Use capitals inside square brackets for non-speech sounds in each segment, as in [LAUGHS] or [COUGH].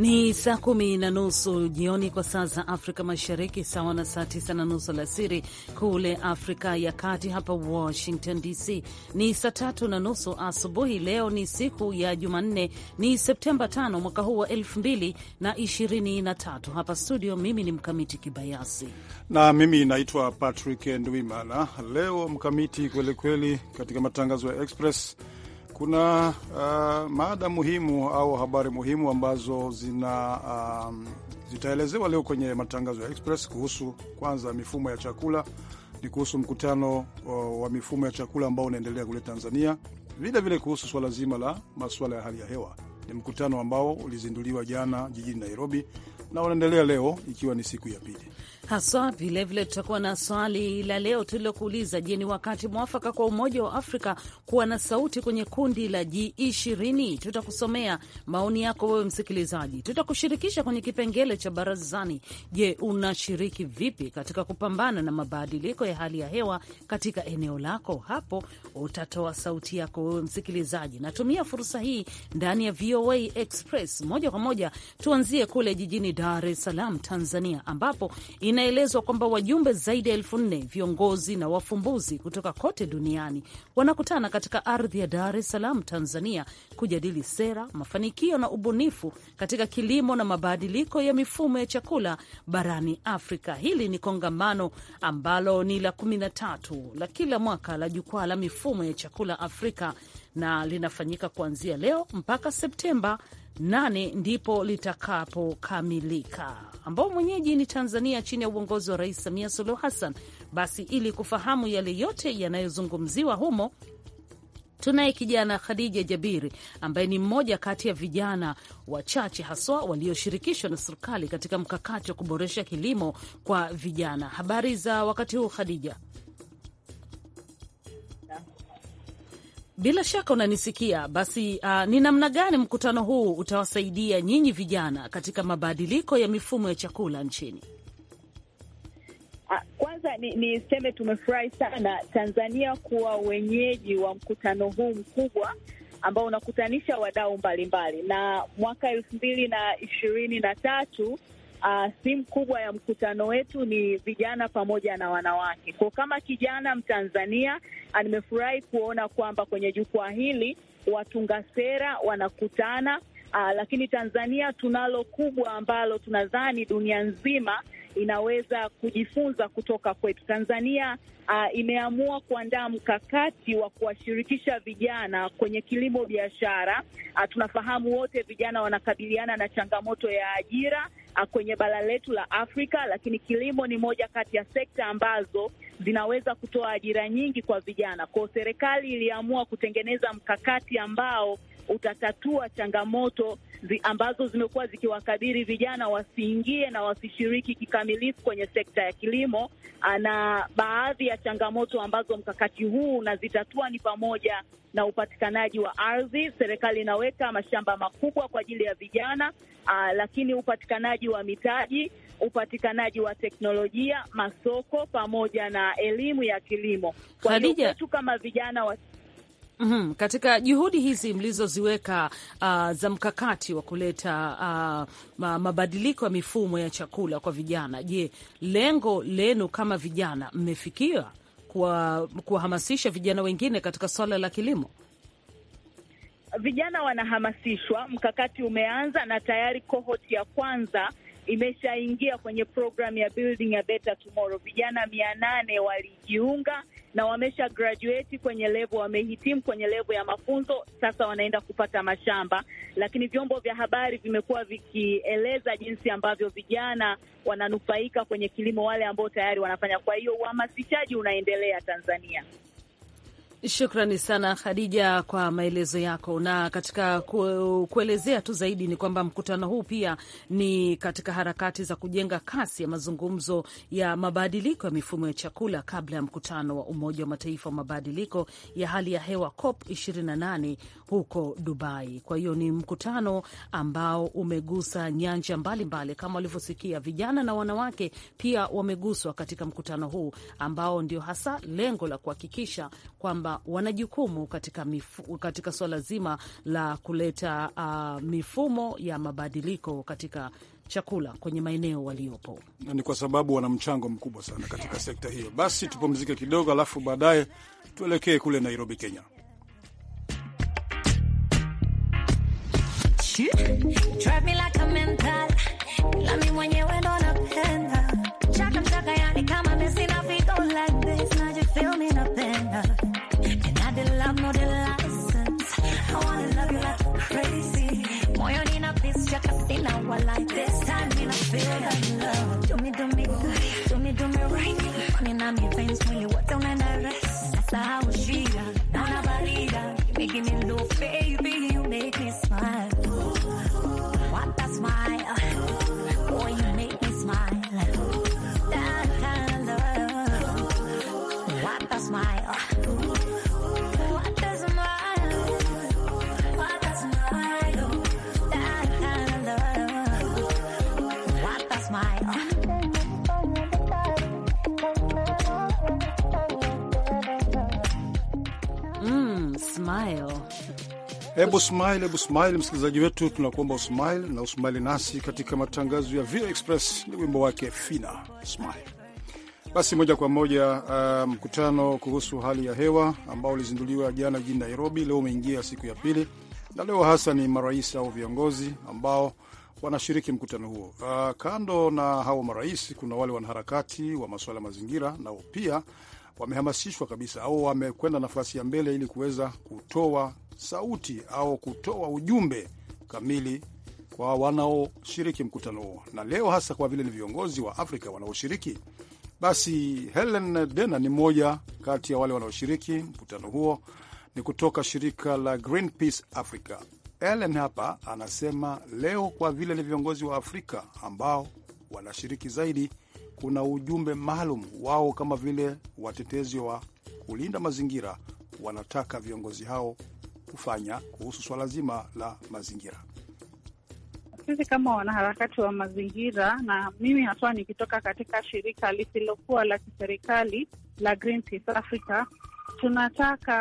Ni saa kumi na nusu jioni kwa saa za Afrika Mashariki, sawa na saa tisa na nusu alasiri kule Afrika ya Kati. Hapa Washington DC ni saa tatu na nusu asubuhi. Leo ni siku ya Jumanne, ni Septemba 5 mwaka huu wa elfu mbili na ishirini na tatu. Hapa studio, mimi ni Mkamiti Kibayasi na mimi naitwa Patrick Ndwimana. Leo Mkamiti kwelikweli, katika matangazo ya Express kuna uh, maada muhimu au habari muhimu ambazo zina um, zitaelezewa leo kwenye matangazo ya Express kuhusu kwanza mifumo ya chakula, ni kuhusu mkutano wa mifumo ya chakula ambao unaendelea kule Tanzania, vile vile kuhusu swala zima la masuala ya hali ya hewa. Ni mkutano ambao ulizinduliwa jana jijini Nairobi na unaendelea leo ikiwa ni siku ya pili haswa. Vilevile tutakuwa na swali la leo tulilokuuliza: Je, ni wakati mwafaka kwa Umoja wa Afrika kuwa na sauti kwenye kundi la G20? Tutakusomea maoni yako wewe msikilizaji, tutakushirikisha kwenye kipengele cha barazani. Je, unashiriki vipi katika kupambana na mabadiliko ya hali ya hewa katika eneo lako? Hapo utatoa sauti yako wewe msikilizaji. Natumia fursa hii ndani ya VOA Express moja kwa moja, tuanzie kule jijini Dar es Salaam, Tanzania, ambapo Inaelezwa kwamba wajumbe zaidi ya elfu nne viongozi na wafumbuzi kutoka kote duniani wanakutana katika ardhi ya Dar es Salaam, Tanzania, kujadili sera, mafanikio na ubunifu katika kilimo na mabadiliko ya mifumo ya chakula barani Afrika. Hili ni kongamano ambalo ni la kumi na tatu la kila mwaka la Jukwaa la Mifumo ya Chakula Afrika na linafanyika kuanzia leo mpaka Septemba nane ndipo litakapokamilika, ambao mwenyeji ni Tanzania chini ya uongozi wa Rais Samia Suluhu Hassan. Basi ili kufahamu yale yote yanayozungumziwa humo tunaye kijana Khadija Jabiri ambaye ni mmoja kati ya vijana wachache haswa walioshirikishwa na serikali katika mkakati wa kuboresha kilimo kwa vijana. Habari za wakati huu Khadija? Bila shaka unanisikia. Basi uh, ni namna gani mkutano huu utawasaidia nyinyi vijana katika mabadiliko ya mifumo ya chakula nchini? Ah, kwanza niseme ni tumefurahi sana Tanzania kuwa wenyeji wa mkutano huu mkubwa ambao unakutanisha wadau mbalimbali, na mwaka elfu mbili na ishirini na tatu uh, ah, simu kubwa ya mkutano wetu ni vijana pamoja na wanawake. Kwa kama kijana Mtanzania, nimefurahi kuona kwamba kwenye jukwaa hili watunga sera wanakutana. Uh, lakini Tanzania tunalo kubwa ambalo tunadhani dunia nzima inaweza kujifunza kutoka kwetu. Tanzania uh, imeamua kuandaa mkakati wa kuwashirikisha vijana kwenye kilimo biashara. Tunafahamu wote vijana wanakabiliana na changamoto ya ajira Uh, kwenye bara letu la Afrika, lakini kilimo ni moja kati ya sekta ambazo zinaweza kutoa ajira nyingi kwa vijana. Kwao serikali iliamua kutengeneza mkakati ambao utatatua changamoto zi ambazo zimekuwa zikiwakabiri vijana wasiingie na wasishiriki kikamilifu kwenye sekta ya kilimo, ah, na baadhi ya changamoto ambazo mkakati huu unazitatua ni pamoja na upatikanaji wa ardhi. Serikali inaweka mashamba makubwa kwa ajili ya vijana aa, ah, lakini upatikanaji wa mitaji, upatikanaji wa teknolojia, masoko pamoja na elimu ya kilimo. Kwa hiyo kama vijana wa Mm -hmm. Katika juhudi hizi mlizoziweka uh, za mkakati wa kuleta uh, mabadiliko ya mifumo ya chakula kwa vijana, je, lengo lenu kama vijana mmefikia kuwahamasisha vijana wengine katika swala la kilimo? Vijana wanahamasishwa, mkakati umeanza na tayari cohort ya kwanza imeshaingia kwenye programu ya Building a Better Tomorrow. Vijana mia nane walijiunga na wamesha graduate kwenye levo, wamehitimu kwenye levo ya mafunzo, sasa wanaenda kupata mashamba. Lakini vyombo vya habari vimekuwa vikieleza jinsi ambavyo vijana wananufaika kwenye kilimo, wale ambao tayari wanafanya. Kwa hiyo uhamasishaji unaendelea Tanzania. Shukrani sana Khadija kwa maelezo yako, na katika kuelezea tu zaidi ni kwamba mkutano huu pia ni katika harakati za kujenga kasi ya mazungumzo ya mabadiliko ya mifumo ya chakula kabla ya mkutano wa Umoja wa Mataifa wa mabadiliko ya hali ya hewa COP 28 huko Dubai. Kwa hiyo ni mkutano ambao umegusa nyanja mbalimbali mbali, kama walivyosikia vijana na wanawake pia wameguswa katika mkutano huu ambao ndio hasa lengo la kuhakikisha kwamba kwamba wana jukumu katika, katika suala zima la kuleta uh, mifumo ya mabadiliko katika chakula kwenye maeneo waliopo, na ni kwa sababu wana mchango mkubwa sana katika sekta hiyo. Basi tupumzike kidogo, alafu baadaye tuelekee kule Nairobi, Kenya. Hebu smile, hebu smile, msikilizaji wetu, tunakuomba usmile na usmile nasi katika matangazo ya Vio Express. Ni wimbo wake Fina Smile. Basi moja kwa moja, uh, mkutano um, kuhusu hali ya hewa ambao ulizinduliwa jana jijini Nairobi, leo umeingia siku ya pili, na leo hasa ni marais au viongozi ambao wanashiriki mkutano huo. Uh, kando na hao marais kuna wale wanaharakati wa masuala ya mazingira nao pia wamehamasishwa kabisa au wamekwenda nafasi ya mbele ili kuweza kutoa sauti au kutoa ujumbe kamili kwa wanaoshiriki mkutano huo, na leo hasa kwa vile ni viongozi wa Afrika wanaoshiriki, basi Helen Dena ni mmoja kati ya wale wanaoshiriki mkutano huo, ni kutoka shirika la Greenpeace Africa. Helen hapa anasema leo kwa vile ni viongozi wa Afrika ambao wanashiriki zaidi kuna ujumbe maalum wao, kama vile watetezi wa kulinda mazingira wanataka viongozi hao kufanya kuhusu swala zima la mazingira. Sisi kama wanaharakati wa mazingira, na mimi haswa nikitoka katika shirika lisilokuwa la kiserikali la Greenpeace Africa, tunataka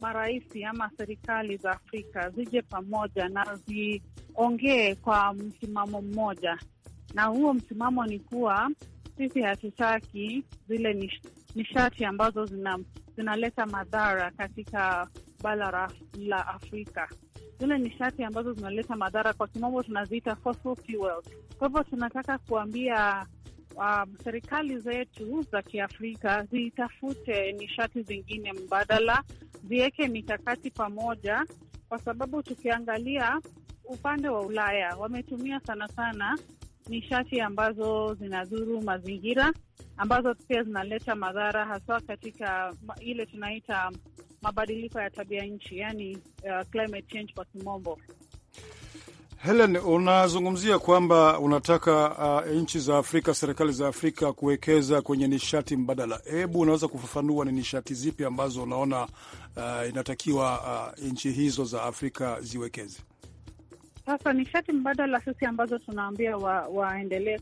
marais ama serikali za Afrika zije pamoja na ziongee kwa msimamo mmoja na huo msimamo ni kuwa sisi hatutaki zile nishati ambazo zina, zinaleta madhara katika bara la Afrika, zile nishati ambazo zinaleta madhara, kwa kimombo tunaziita fossil fuels. Kwa hivyo tunataka kuambia um, serikali zetu za Kiafrika zitafute nishati zingine mbadala, ziweke mikakati pamoja, kwa sababu tukiangalia upande wa Ulaya wametumia sana sana nishati ambazo zinadhuru mazingira, ambazo pia zinaleta madhara haswa katika ile tunaita mabadiliko ya tabia nchi, yani uh, climate change kwa kimombo. Helen, unazungumzia kwamba unataka uh, nchi za Afrika, serikali za Afrika kuwekeza kwenye nishati mbadala. Hebu unaweza kufafanua ni nishati zipi ambazo unaona uh, inatakiwa uh, nchi hizo za Afrika ziwekeze? Sasa nishati mbadala sisi ambazo tunaambia wa, waendelee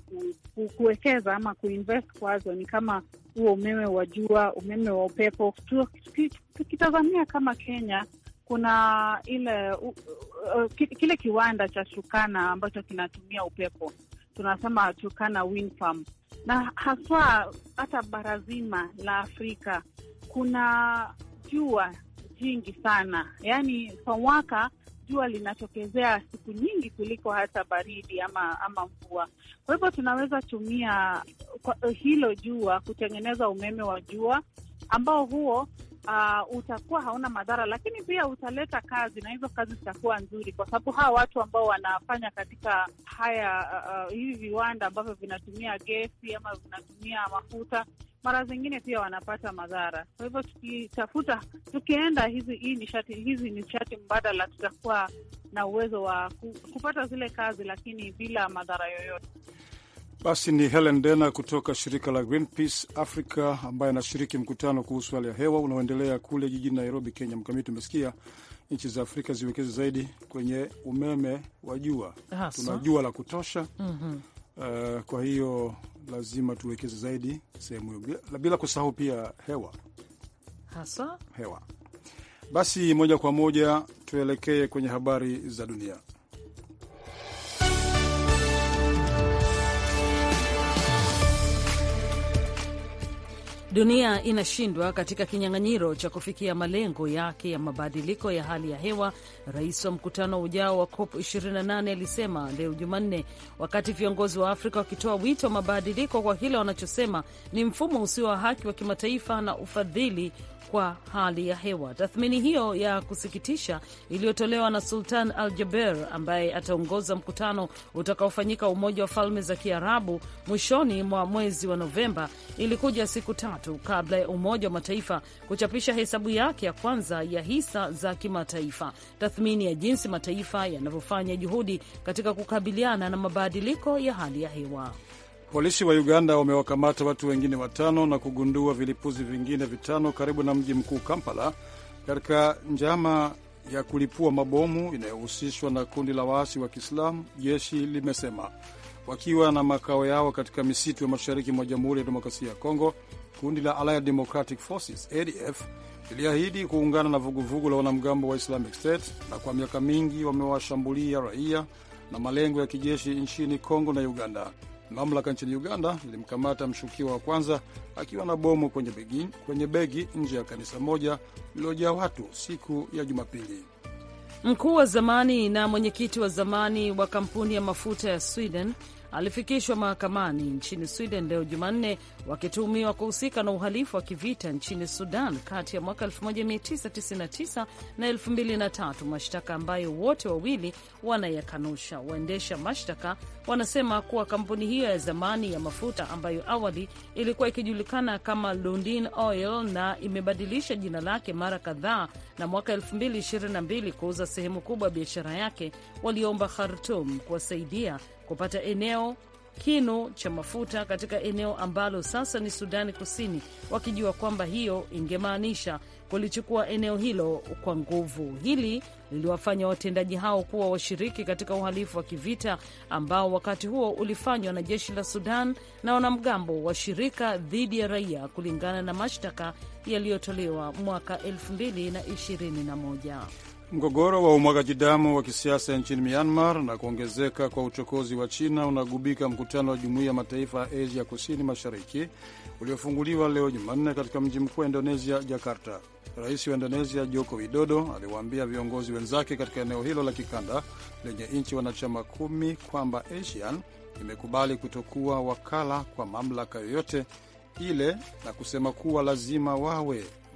kuwekeza ku, ama kuinvest kwazo ni kama huo umeme wa jua, umeme wa upepo. Tukitazamia kama Kenya kuna ile uh, uh, kile kiwanda cha Turkana ambacho kinatumia upepo, tunasema Turkana wind farm, na haswa hata bara zima la Afrika kuna jua jingi sana, yaani kwa mwaka jua linatokezea siku nyingi kuliko hata baridi ama ama mvua. Kwa hivyo tunaweza tumia hilo jua kutengeneza umeme wa jua ambao huo Uh, utakuwa hauna madhara, lakini pia utaleta kazi na hizo kazi zitakuwa nzuri, kwa sababu hawa watu ambao wanafanya katika haya uh, hivi viwanda ambavyo vinatumia gesi ama vinatumia mafuta mara zingine pia wanapata madhara. Kwa hivyo tukitafuta, tukienda hizi hii nishati hizi nishati mbadala, tutakuwa na uwezo wa kupata zile kazi, lakini bila madhara yoyote. Basi ni Helen Dena kutoka shirika la Greenpeace Africa ambaye anashiriki mkutano kuhusu hali ya hewa unaoendelea kule jijini Nairobi, Kenya. Mkamiti, umesikia nchi za Afrika ziwekeze zaidi kwenye umeme wa jua, tuna jua la kutosha. mm -hmm. Uh, kwa hiyo lazima tuwekeze zaidi sehemu hiyo, bila kusahau pia hewa hasa hewa. Basi moja kwa moja tuelekee kwenye habari za dunia. Dunia inashindwa katika kinyang'anyiro cha kufikia malengo yake ya mabadiliko ya hali ya hewa, rais wa mkutano ujao wa COP 28 alisema leo Jumanne, wakati viongozi wa Afrika wakitoa wito wa mabadiliko kwa kile wanachosema ni mfumo usio wa haki wa kimataifa na ufadhili kwa hali ya hewa. Tathmini hiyo ya kusikitisha iliyotolewa na Sultan Al Jaber ambaye ataongoza mkutano utakaofanyika Umoja wa Falme za Kiarabu mwishoni mwa mwezi wa Novemba ilikuja siku tatu kabla ya Umoja wa Mataifa kuchapisha hesabu yake ya kwanza ya hisa za kimataifa, tathmini ya jinsi mataifa yanavyofanya juhudi katika kukabiliana na mabadiliko ya hali ya hewa. Polisi wa Uganda wamewakamata watu wengine watano na kugundua vilipuzi vingine vitano karibu na mji mkuu Kampala, katika njama ya kulipua mabomu inayohusishwa na kundi la waasi wa Kiislamu, jeshi limesema, wakiwa na makao yao katika misitu ya mashariki mwa Jamhuri ya Demokrasia ya Kongo. Kundi la Allied Democratic Forces ADF liliahidi kuungana na vuguvugu la wanamgambo wa Islamic State na kwa miaka mingi wamewashambulia raia na malengo ya kijeshi nchini Kongo na Uganda. Mamlaka nchini Uganda ilimkamata mshukiwa wa kwanza akiwa na bomu kwenye begi, kwenye begi nje ya kanisa moja lililojaa watu siku ya Jumapili. Mkuu wa zamani na mwenyekiti wa zamani wa kampuni ya mafuta ya Sweden alifikishwa mahakamani nchini Sweden leo Jumanne wakituhumiwa kuhusika na uhalifu wa kivita nchini Sudan kati ya mwaka 1999 na 2003, mashtaka ambayo wote wawili wanayakanusha. Waendesha mashtaka wanasema kuwa kampuni hiyo ya zamani ya mafuta ambayo awali ilikuwa ikijulikana kama Lundin Oil na imebadilisha jina lake mara kadhaa, na mwaka 2022 kuuza sehemu kubwa ya biashara yake, waliomba khartum kuwasaidia kupata eneo kinu cha mafuta katika eneo ambalo sasa ni Sudani Kusini, wakijua kwamba hiyo ingemaanisha kulichukua eneo hilo kwa nguvu. Hili liliwafanya watendaji hao kuwa washiriki katika uhalifu wa kivita ambao wakati huo ulifanywa na jeshi la Sudan na wanamgambo wa shirika dhidi ya raia, kulingana na mashtaka yaliyotolewa mwaka 2021. Mgogoro wa umwagaji damu wa kisiasa nchini Myanmar na kuongezeka kwa uchokozi wa China unagubika mkutano wa Jumuiya ya Mataifa ya Asia Kusini Mashariki uliofunguliwa leo Jumanne katika mji mkuu wa Indonesia, Jakarta. Rais wa Indonesia Joko Widodo aliwaambia viongozi wenzake katika eneo hilo la kikanda lenye nchi wanachama kumi kwamba ASEAN imekubali kutokuwa wakala kwa mamlaka yoyote ile na kusema kuwa lazima wawe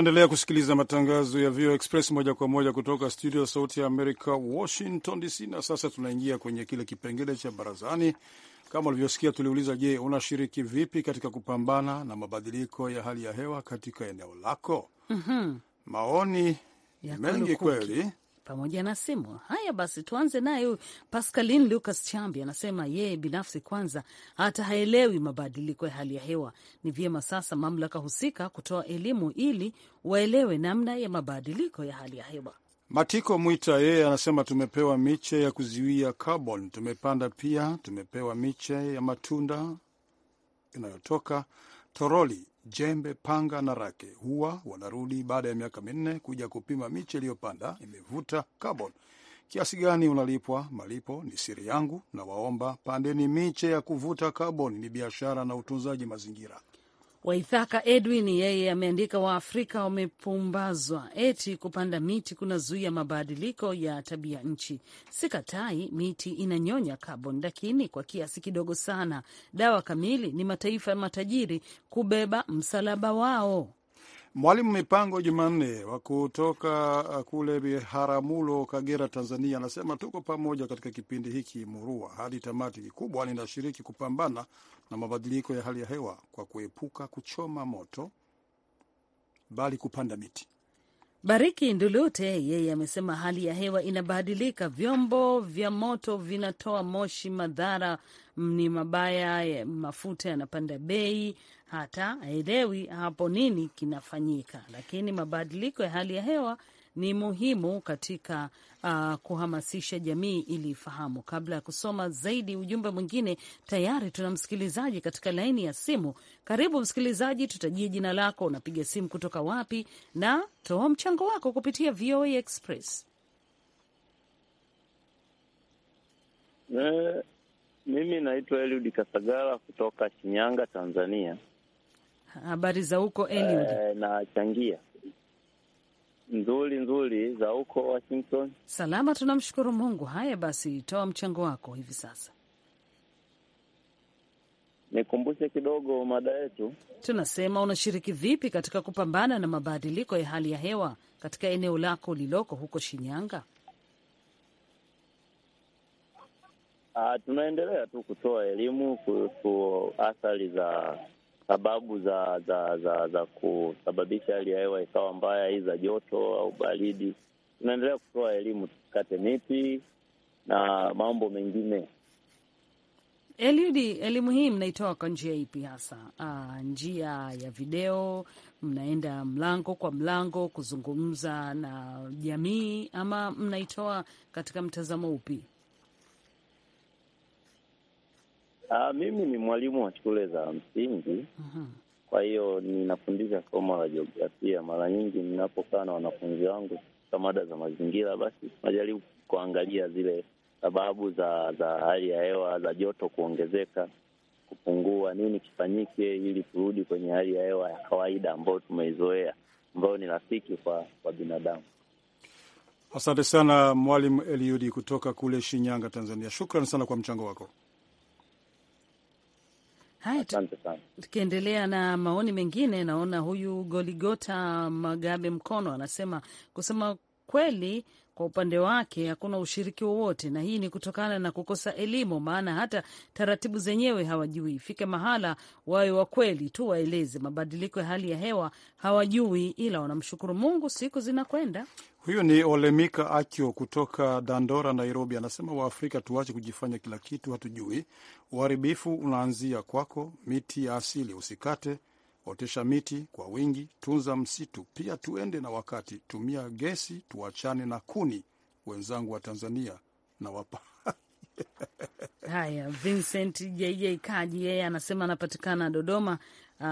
Unaendelea kusikiliza matangazo ya VOA Express moja kwa moja kutoka studio ya Sauti ya Amerika, Washington DC. Na sasa tunaingia kwenye kile kipengele cha barazani. Kama ulivyosikia, tuliuliza, je, unashiriki vipi katika kupambana na mabadiliko ya hali ya hewa katika eneo lako? mm -hmm. Maoni mengi kweli pamoja na simu. Haya basi, tuanze naye huyu Pascaline Lucas Chambi, anasema yeye binafsi kwanza hata haelewi mabadiliko ya hali ya hewa. Ni vyema sasa mamlaka husika kutoa elimu ili waelewe namna ya mabadiliko ya hali ya hewa. Matiko Mwita yeye anasema tumepewa miche ya kuzuia carbon, tumepanda pia tumepewa miche ya matunda inayotoka toroli jembe, panga na rake. Huwa wanarudi baada ya miaka minne kuja kupima miche iliyopanda imevuta carbon kiasi gani, unalipwa. Malipo ni siri yangu, na waomba pandeni miche ya kuvuta carbon. Ni biashara na utunzaji mazingira. Waithaka Edwin yeye ameandika, Waafrika wamepumbazwa eti kupanda miti kunazuia mabadiliko ya tabia nchi. Sikatai miti inanyonya kaboni, lakini kwa kiasi kidogo sana. Dawa kamili ni mataifa matajiri kubeba msalaba wao. Mwalimu Mipango Jumanne wa kutoka uh, kule Biharamulo, Kagera, Tanzania, anasema tuko pamoja katika kipindi hiki murua hadi tamati. Kikubwa ninashiriki kupambana na mabadiliko ya hali ya hewa kwa kuepuka kuchoma moto, bali kupanda miti. Bariki Ndulute yeye amesema hali ya hewa inabadilika, vyombo vya moto vinatoa moshi, madhara ni mabaya, mafuta yanapanda bei, hata aelewi hapo nini kinafanyika, lakini mabadiliko ya hali ya hewa ni muhimu katika uh, kuhamasisha jamii ili ifahamu. Kabla ya kusoma zaidi ujumbe mwingine, tayari tuna msikilizaji katika laini ya simu. Karibu msikilizaji, tutajie jina lako, unapiga simu kutoka wapi, na toa mchango wako kupitia VOA Express. Eh, mimi naitwa Eliud Kasagala kutoka Shinyanga, Tanzania. Habari za huko Eliud? Eh, nachangia nzuri nzuri za huko Washington. Salama, tunamshukuru Mungu. Haya basi, toa mchango wako hivi sasa. Nikumbushe kidogo mada yetu, tunasema unashiriki vipi katika kupambana na mabadiliko ya hali ya hewa katika eneo lako liloko huko Shinyanga? Uh, tunaendelea tu kutoa elimu kuhusu athari za sababu za za za za kusababisha hali ya hewa ikawa mbaya, hii za joto au baridi. Tunaendelea kutoa elimu, tusikate miti na mambo mengine. Eliudi, elimu hii mnaitoa kwa njia ipi hasa? Aa, ah, njia ya video, mnaenda mlango kwa mlango kuzungumza na jamii, ama mnaitoa katika mtazamo upi? Ah, mimi ni mwalimu wa shule za msingi mhm. Kwa hiyo ninafundisha somo la jiografia. Mara nyingi ninapokaa na wanafunzi wangu katika mada za mazingira, basi najaribu kuangalia zile sababu za za hali ya hewa, za joto kuongezeka, kupungua, nini kifanyike ili turudi kwenye hali ya hewa ya kawaida ambayo tumeizoea, ambayo ni rafiki kwa, kwa binadamu. Asante sana Mwalimu Eliudi kutoka kule Shinyanga, Tanzania. Shukran sana kwa mchango wako. Haya, asante sana. Tukiendelea na maoni mengine, naona huyu Goligota Magabe Mkono anasema kusema kweli kwa upande wake hakuna ushiriki wowote, na hii ni kutokana na kukosa elimu, maana hata taratibu zenyewe hawajui. Ifike mahala wawe wa kweli tu, waeleze mabadiliko ya hali ya hewa hawajui, ila wanamshukuru Mungu, siku zinakwenda. Huyu ni Olemika Akio kutoka Dandora, Nairobi, anasema Waafrika tuache kujifanya kila kitu hatujui. Uharibifu unaanzia kwako, miti ya asili usikate, otesha miti kwa wingi, tunza msitu. Pia tuende na wakati, tumia gesi, tuachane na kuni. Wenzangu wa Tanzania na wapa [LAUGHS] Haya, Vincent JJ Kaji yeye anasema anapatikana Dodoma, uh,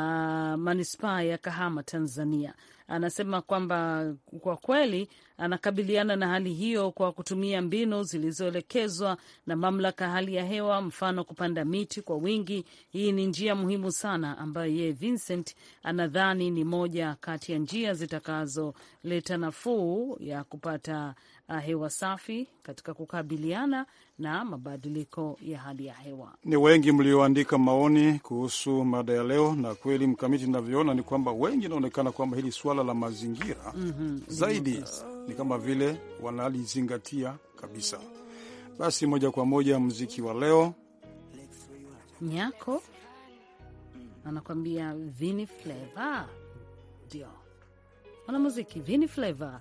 manispaa ya Kahama, Tanzania anasema kwamba kwa kweli anakabiliana na hali hiyo kwa kutumia mbinu zilizoelekezwa na mamlaka hali ya hewa, mfano kupanda miti kwa wingi. Hii ni njia muhimu sana ambayo yeye Vincent anadhani ni moja kati ya njia zitakazoleta nafuu ya kupata Uh, hewa safi katika kukabiliana na mabadiliko ya hali ya hewa. Ni wengi mlioandika maoni kuhusu mada ya leo, na kweli mkamiti inavyoona ni kwamba wengi inaonekana kwamba hili suala la mazingira mm -hmm, zaidi mm-hmm. ni kama vile wanalizingatia kabisa. Basi moja kwa moja mziki wa leo, Nyako anakwambia Vini Fleva, ndio wanamuziki Vini Fleva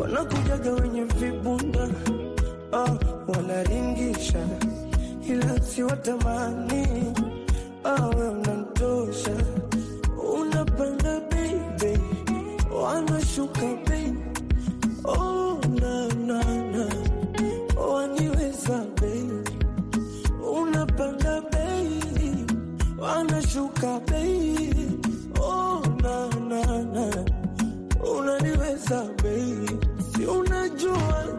wanakujaga wenye vibunda ah, wanaringisha ila si watamani ah, we unantosha, unapanda baby, wanashuka baby, oh, na, na, na. Waniweza baby, unapanda baby, wanashuka bei oh, na, na, na. Unaniweza baby unajua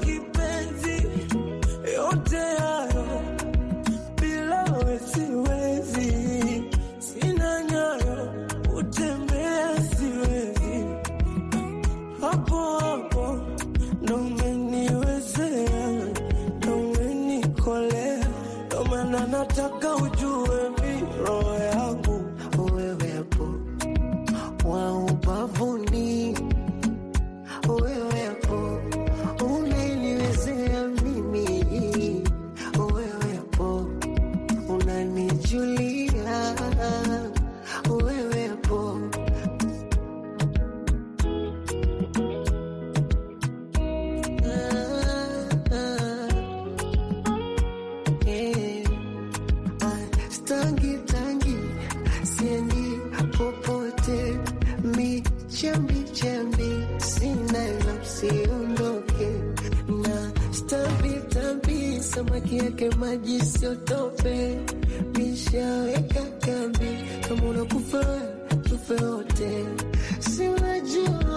samaki yake maji sio tope, nishaweka kambi, kama unakufa tufe wote, si unajua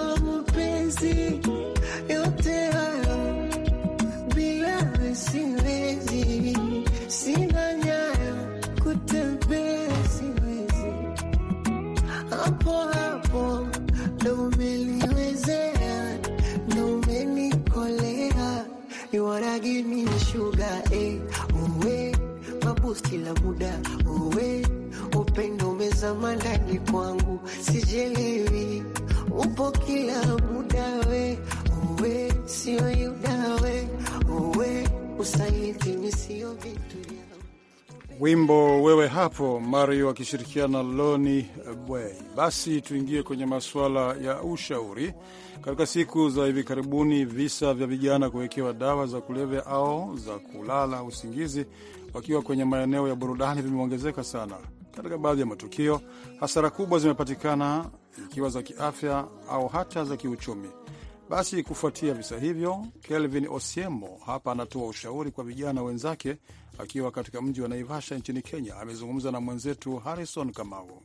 kila muda uwe upendo umezama ndani kwangu, sijelewi, upo kila muda we uwe sio yuda we uwe usaliti ni sio vitu wimbo wewe hapo Mario akishirikiana Loni Bwei. Basi tuingie kwenye masuala ya ushauri. Katika siku za hivi karibuni, visa vya vijana kuwekewa dawa za kulevya au za kulala usingizi wakiwa kwenye maeneo ya burudani vimeongezeka sana. Katika baadhi ya matukio, hasara kubwa zimepatikana ikiwa za kiafya au hata za kiuchumi. Basi kufuatia visa hivyo, Kelvin Osiemo hapa anatoa ushauri kwa vijana wenzake akiwa katika mji wa Naivasha nchini Kenya. Amezungumza na mwenzetu Harrison Kamau.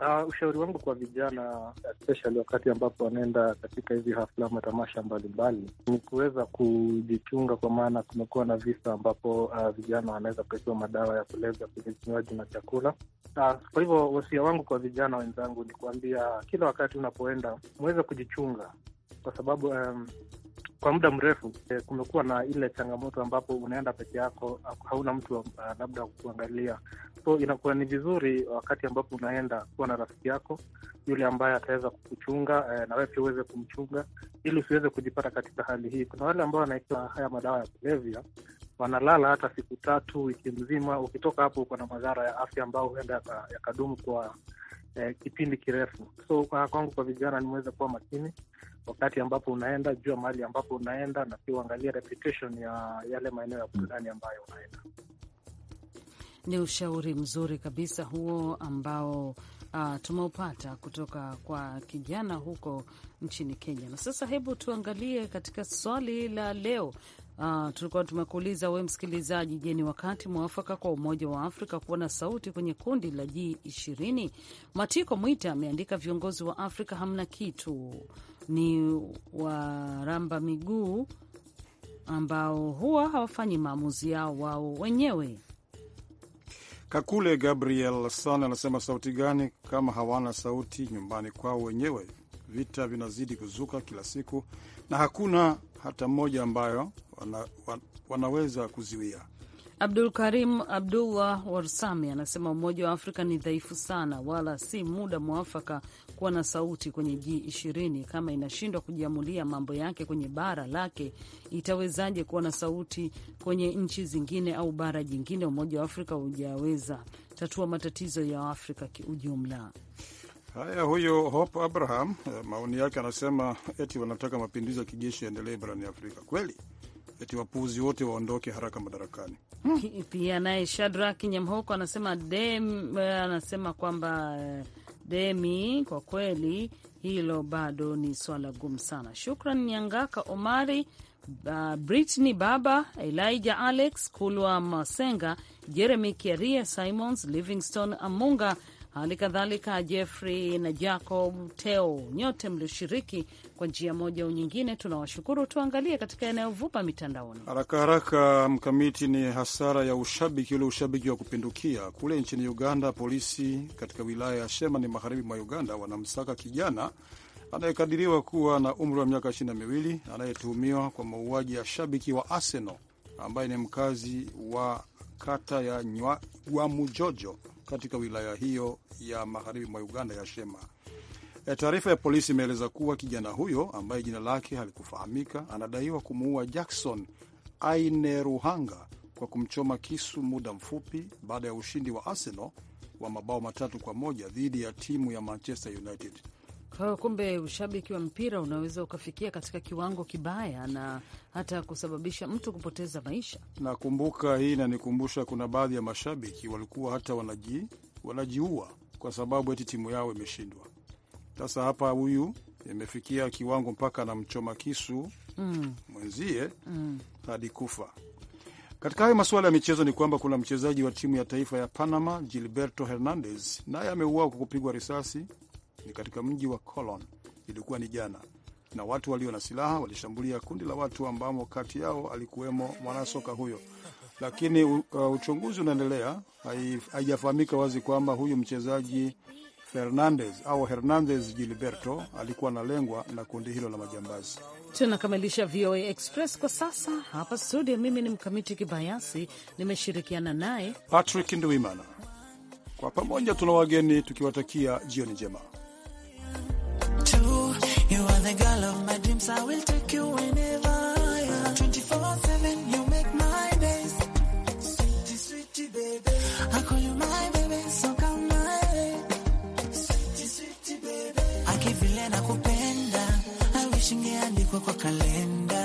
Uh, ushauri wangu kwa vijana especially wakati ambapo wanaenda katika hizi hafla matamasha mbalimbali ni kuweza kujichunga, kwa maana kumekuwa na visa ambapo uh, vijana wanaweza kuwekewa madawa ya kulevya kwenye vinywaji na chakula. Uh, kwa hivyo wasia wangu kwa vijana wenzangu ni kuambia kila wakati unapoenda mweze kujichunga, kwa sababu um, kwa muda mrefu eh, kumekuwa na ile changamoto ambapo unaenda peke yako, hauna mtu uh, labda kuangalia. So inakuwa ni vizuri wakati ambapo unaenda kuwa na rafiki yako yule ambaye ataweza kukuchunga eh, na wewe pia uweze kumchunga, ili usiweze kujipata katika hali hii. Kuna wale ambao wanaekewa haya madawa ya kulevya wanalala hata siku tatu, wiki mzima. Ukitoka hapo, uko na madhara ya afya ambayo huenda yakadumu kwa eh, kipindi kirefu. So kwangu, kwa vijana, nimeweza kuwa makini wakati ambapo unaenda, jua mahali ambapo unaenda, na pia uangalia reputation ya yale maeneo ya burudani ambayo unaenda. Ni ushauri mzuri kabisa huo ambao uh, tumeupata kutoka kwa kijana huko nchini Kenya. Na sasa hebu tuangalie katika swali la leo Uh, tulikuwa tumekuuliza we msikilizaji, je, ni wakati mwafaka kwa Umoja wa Afrika kuwa na sauti kwenye kundi la G20? Matiko Mwita ameandika viongozi wa Afrika hamna kitu, ni waramba miguu ambao huwa hawafanyi maamuzi yao wao wenyewe. Kakule Gabriel San anasema sauti gani kama hawana sauti nyumbani kwao wenyewe? Vita vinazidi kuzuka kila siku na hakuna hata mmoja ambayo wana, wanaweza kuziwia. Abdul Karim Abdullah warsami anasema Umoja wa Afrika ni dhaifu sana, wala si muda mwafaka kuwa na sauti kwenye G20. Kama inashindwa kujiamulia mambo yake kwenye bara lake, itawezaje kuwa na sauti kwenye nchi zingine au bara jingine? Umoja wa Afrika hujaweza tatua matatizo ya Afrika kiujumla. Haya, huyo Hope Abraham eh, maoni yake anasema eti wanataka mapinduzi ya kijeshi yaendelee barani Afrika. Kweli eti wapuuzi wote waondoke haraka madarakani. Hmm. Pia naye Shadrack Nyamhoko anasema dem, eh, anasema kwamba eh, demi, kwa kweli hilo bado ni swala gumu sana. Shukran Nyangaka Omari, uh, Britney Baba, Elijah Alex Kulwa Masenga, Jeremy Kiaria, Simons Livingstone Amunga hali kadhalika Jeffrey na Jacob Teo, nyote mlioshiriki kwa njia moja au nyingine, tunawashukuru. Tuangalie katika yanayovuma mitandaoni haraka haraka. Mkamiti ni hasara ya ushabiki, ule ushabiki wa kupindukia. Kule nchini Uganda, polisi katika wilaya ya Shema ni magharibi mwa Uganda wanamsaka kijana anayekadiriwa kuwa na umri wa miaka ishirini na miwili anayetuhumiwa kwa mauaji ya shabiki wa Arsenal ambaye ni mkazi wa kata ya mujojo katika wilaya hiyo ya magharibi mwa Uganda ya Shema. E, taarifa ya polisi imeeleza kuwa kijana huyo ambaye jina lake halikufahamika anadaiwa kumuua Jackson Aineruhanga kwa kumchoma kisu muda mfupi baada ya ushindi wa Arsenal wa mabao matatu kwa moja dhidi ya timu ya Manchester United. Kwa hiyo kumbe ushabiki wa mpira unaweza ukafikia katika kiwango kibaya na hata kusababisha mtu kupoteza maisha. Nakumbuka hii inanikumbusha, kuna baadhi ya mashabiki walikuwa hata wanaji, wanajiua kwa sababu eti timu yao imeshindwa. Sasa hapa huyu imefikia kiwango mpaka anamchoma kisu mm. mwenzie mm. hadi kufa. Katika hayo masuala ya michezo ni kwamba kuna mchezaji wa timu ya taifa ya Panama Gilberto Hernandez naye ameuawa kwa kupigwa risasi ni katika mji wa colon Ilikuwa ni jana, na watu walio na silaha walishambulia kundi la watu ambamo kati yao alikuwemo mwanasoka huyo, lakini uh, uchunguzi unaendelea. Haijafahamika wazi kwamba huyu mchezaji Fernandez au Hernandez Gilberto alikuwa analengwa na kundi hilo la majambazi. Tunakamilisha VOA Express kwa sasa hapa studio. Mimi ni Mkamiti Kibayasi, nimeshirikiana naye Patrick Nduimana. Kwa pamoja tuna wageni tukiwatakia jioni njema. dreams, I will take you whenever. 24/7, you make my days. Sweetie, sweetie, baby, I call you my baby, so come my sweetie, sweetie, baby. I kwa kalenda,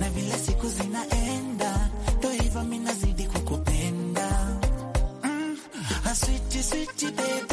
na vile siku zinaenda, ndo hivyo minazidi kukupenda. Mm. Ah, sweetie, sweetie, baby.